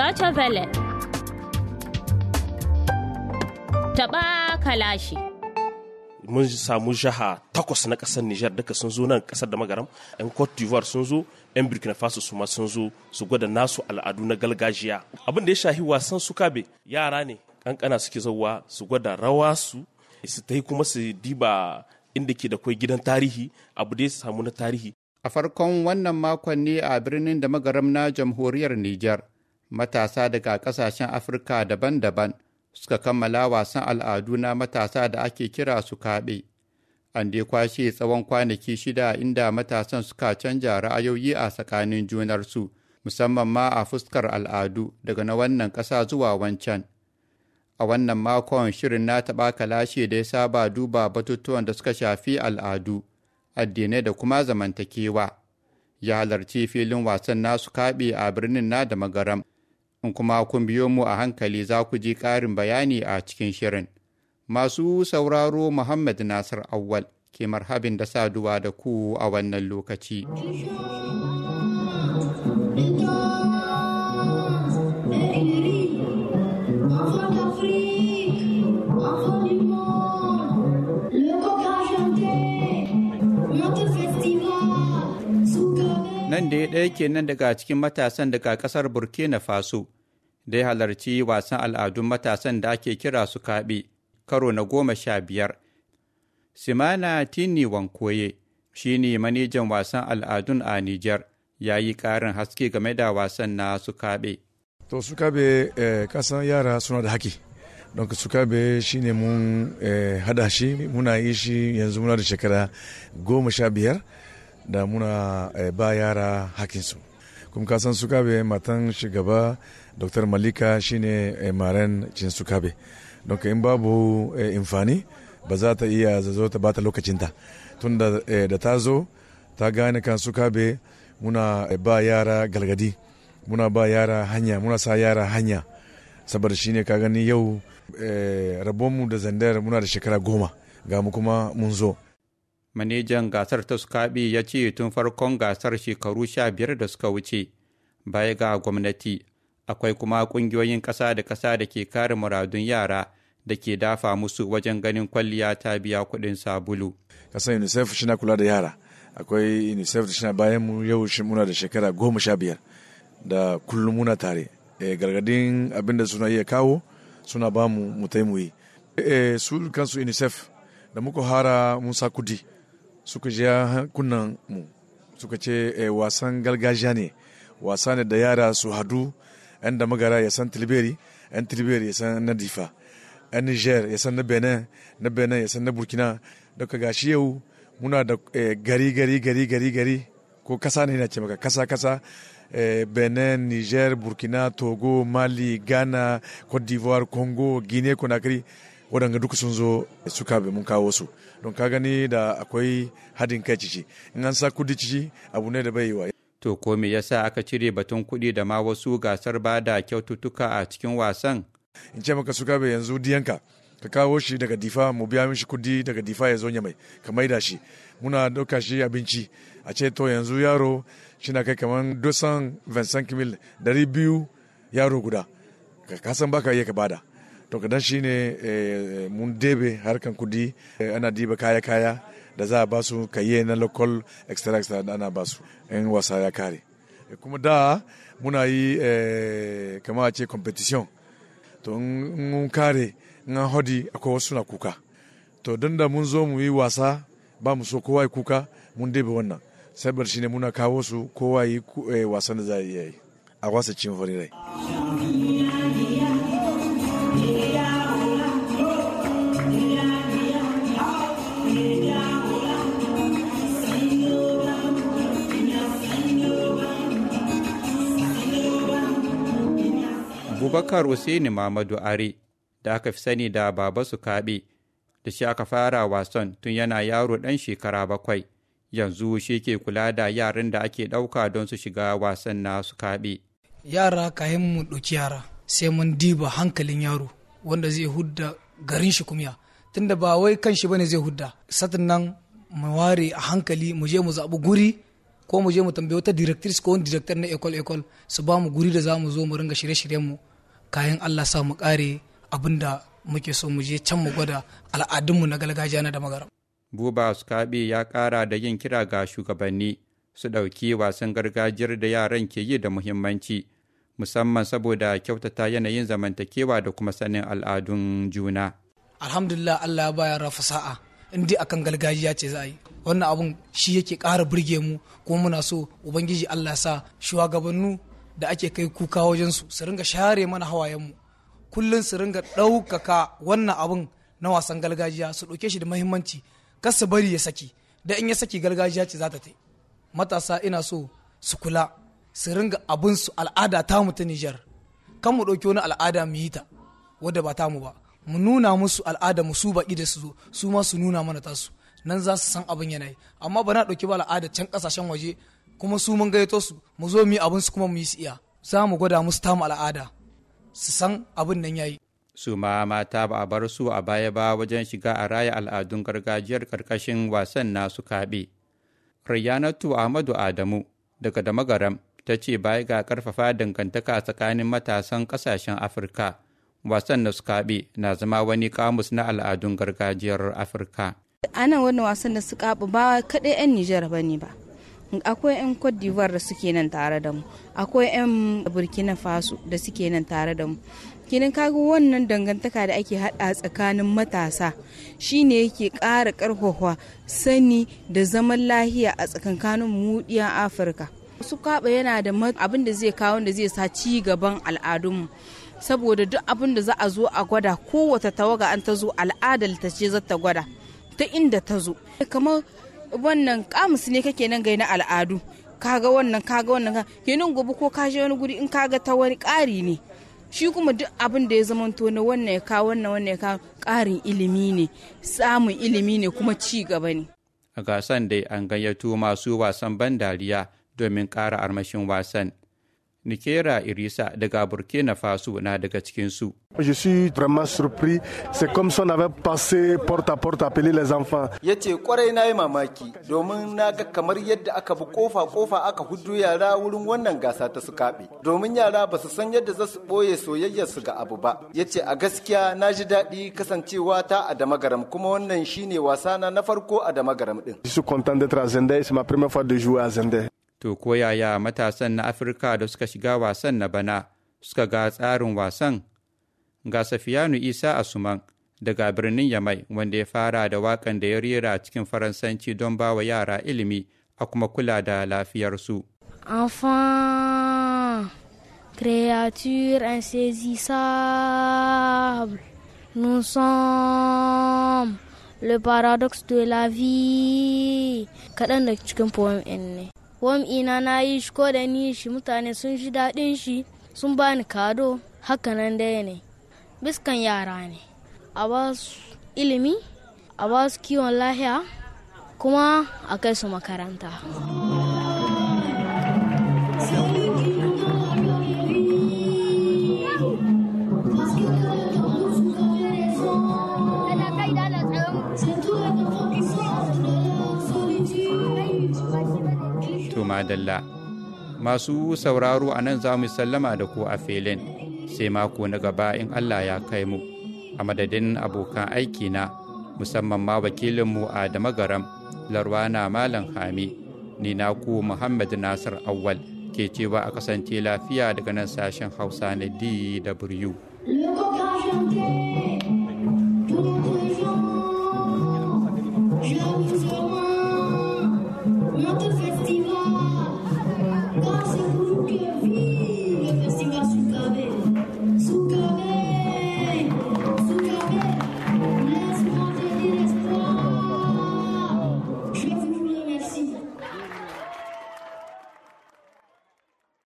Deutsche Welle. Taɓa kalashi. Mun samu jaha takwas na ƙasar Nijar duka sun zo nan ƙasar da magaram, 'yan Cote d'Ivoire sun zo, 'yan Burkina Faso su ma sun zo su gwada nasu al'adu na galgajiya Abin da ya shahi wasan sukabe be yara ne, ƙanƙana suke zauwa su gwada rawa su, su ta kuma su diba inda ke da kwai gidan tarihi, abu da ya samu na tarihi. A farkon wannan makon ne a birnin da magaram na jamhuriyar Nijar, matasa daga kasashen afirka daban-daban suka kammala wasan al'adu na matasa da ake kira su kaɓe an dai kwashe tsawon kwanaki shida inda matasan suka canja ra'ayoyi a tsakanin junar su, musamman ma a fuskar al'adu daga na wannan ƙasa zuwa wancan a wannan makon shirin na taɓa kalashe da ya saba duba batutuwan da suka shafi al'adu addinai da kuma zamantakewa ya halarci filin wasan nasu kaɓe a birnin na da magaram in kuma kun biyo mu a hankali za ku ji ƙarin bayani a cikin shirin. Masu sauraro Muhammad Nasir Awwal ke marhabin da saduwa da ku a wannan lokaci. Nan da ya ɗaya kenan daga cikin matasan daga ƙasar Burkina Faso. da ya halarci wasan al'adun matasan da ake kira su kaɓe karo na goma sha biyar. Simana Tini Wankoye shi ne manejan wasan al'adun a Nijar ya yi ƙarin haske game da wasan na su kaɓe. To su kaɓe eh, kasan yara suna da haki. don su kabe shi ne mun eh, hada shi muna yi shi yanzu muna da shekara goma sha biyar da muna eh, ba yara hakinsu kuma kasan su kabe matan shugaba dr malika shine eh, maren cinsukabe don in babu infani eh, ba za ta iya zazo ta bata lokacinta tun eh, da ta zo ta gane kan sukabe muna ba yara galgadi muna ba yara hanya muna sa yara hanya saboda shine ka gani yau rabonmu da zandar muna da shekara goma ga mu kuma mun zo manejan gasar ta sukabe ya ce tun farkon gasar shekaru sha biyar da suka wuce baya ga gwamnati akwai kuma ƙungiyoyin ƙasa da ƙasa da ke kare muradun yara da ke dafa musu wajen ganin kwalliya ta biya kuɗin sabulu. Kasan UNICEF shi kula da yara. Akwai UNICEF da shi na bayan mu yau shi muna da shekara goma sha biyar da kullum muna tare. Eh, gargadin abin da suna iya kawo suna ba mu mu taimuyi. E, eh, su kansu UNICEF da muka hara Musa sa kudi suka je kunnan mu suka ce e, wasan gargajiya ne wasa ne da yara su hadu 'yan da magara ya san tilberi 'yan tilberi ya san na difa 'yan niger ya san na benin na benin ya san na burkina daga gashi yau muna da gari gari gari gari gari ko kasa ne na ce maka kasa kasa benin niger burkina togo mali ghana cote d'ivoire congo guinea conakry waɗanda duka sun zo suka bi mun kawo su don ka gani da akwai hadin kai cici in an sa kudi cici abu ne da bai yi wa To ko me yasa aka cire batun kuɗi da ma wasu gasar bada kyaututtuka a cikin wasan? In ce maka suka bai yanzu diyanka ka kawo shi daga difa mu biya mishi kuɗi daga difa ya zo ya mai ka maida shi muna ɗauka shi abinci a ce to yanzu yaro shi na kai kamar Vincent mil dari biyu yaro guda ka kasan baka iya ka bada to dan shi ne eh, mun debe harkan kuɗi eh, ana diba kaya kaya da za a ba su kaye na local extra extra da ana ba su in wasa ya kare eh, kuma da muna yi eh, kama a ce competition to in kare in hodi akwai wasu na kuka to don da mun zo mu yi wasa ba mu so kowa kuka mun debe wannan sabar shi ne muna kawo su kowa yi eh, wasan da za a yi a wasa cin fari rai abubakar usaini mamadu are da aka fi sani da baba su kaɓe da shi aka fara wasan tun yana yaro ɗan shekara bakwai yanzu shi ke kula da yaran da ake ɗauka don su shiga wasan na su kaɓe yara kayan mu ɗauki yara sai mun diba hankalin yaro wanda zai hudda garin shi kumya tunda ba wai kan shi bane zai hudda satin nan mu ware a hankali mu je mu zaɓi guri ko mu je mu tambayi wata directrice ko wani director na ecole ecole su ba mu guri da za mu zo mu ringa shirye-shiryen mu kayan Allah sa mu kare da muke so mu je can mu gwada al'adunmu na galgajiya na da magaram. Buba Sukabe ya ƙara da yin kira ga shugabanni su ɗauki wasan gargajiyar da yaran ke yi da muhimmanci musamman saboda kyautata yanayin zamantakewa da kuma sanin al'adun juna. Alhamdulillah Allah ya bayar rafa sa'a in dai akan galgajiya ce za a yi wannan abun shi yake ƙara burge mu kuma muna so ubangiji Allah sa shugabannu da ake kai kuka wajen su su ringa share mana hawayenmu kullum su ringa ɗaukaka wannan abun na wasan gargajiya su ɗauke shi da mahimmanci kar su bari ya saki da in ya saki gargajiya ce za ta tai matasa ina so su kula su ringa abin su al'ada ta mu ta Nijar kan mu ɗauki wani al'ada mu yi ta wadda ba mu ba mu nuna musu al'ada mu su baƙi da su zo su ma su nuna mana tasu nan za su san abin yanayi amma ba na ɗauki ba al'ada can ƙasashen waje kuma su mun gaito su mu zo mu yi abin su kuma mu yi su iya za mu gwada musu tamu al'ada su san abin nan yayi su ma mata ba a bar su a baya ba wajen shiga a raya al'adun gargajiyar karkashin wasan nasu kaɓe. Riyanatu Ahmadu Adamu daga Damagaram ta ce baya ga karfafa dangantaka tsakanin matasan ƙasashen Afirka. Wasan na su kaɓe na zama wani kamus na al'adun gargajiyar Afirka. Ana wannan wasan da su kaɓe ba kaɗai 'yan Nijar ba ne ba. akwai 'yan cote d'ivoire da suke nan tare da mu akwai 'yan burkina faso da suke nan tare da mu kenan kaga wannan dangantaka da ake hada tsakanin matasa shine yake kara ƙarfafa sani da zaman lahiya a tsakankanin mudiya afirka su kaba yana da abin da zai kawo da zai sa ci gaban al'adunmu saboda duk abin da za a zo a gwada kowace tawaga an ta zo al'adar ta ce za ta gwada ta inda ta zo kamar wannan kamus ne kake nan gai na al'adu kaga wannan kaga wannan ka kenan gobe ko ka wani guri in kaga ta wani ƙari ne shi kuma duk abin da ya zamanto na wannan ya kawo wannan wannan ya kawo ƙarin ilimi ne samun ilimi ne kuma ci gaba ne a gasan dai an gayyato masu wasan ban dariya domin ƙara armashin wasan Nikera Irisa daga Burkina Faso na daga su Je suis vraiment surpris, c'est comme si on avait passé porte à porte appeler les enfants. Ya kwarai na yi mamaki domin na ga kamar yadda aka bi kofa kofa aka hudu yara wurin wannan gasa ta su kaɓe. Domin yara ba su san yadda za su ɓoye soyayyar su ga abu ba. yace a gaskiya na ji daɗi kasancewa ta a damagaram kuma wannan shine wasana na farko a damagaram din Je suis content d'être à Zende, c'est ma première fois de jouer à Zende. To ko yaya matasan na Afirka da suka shiga wasan na bana suka ga tsarin wasan? Ga Safiyanu Isa Asuman daga birnin Yamai wanda ya fara da wakan da ya rera cikin Faransanci don ba wa yara ilimi a kuma kula da lafiyarsu. Enfant, créature insaisissable, nous sommes le paradoxe de la vie. da cikin poem ne. wam ina na yi shi ko da ni shi mutane sun shi daɗin shi sun bani kado haka nan dai ne biskan yara ne a ba su ilimi a ba su kiwon lahiya kuma a kai su makaranta. madalla masu sauraro a nan za mu sallama da ku a filin sai mako na gaba in allah ya kai mu a madadin abokan aiki na musamman ma wakilinmu a da magaram larwana malam hami ni na ku muhammad nasir awwal ke cewa a kasance lafiya daga nan sashen hausa na dw Thank you.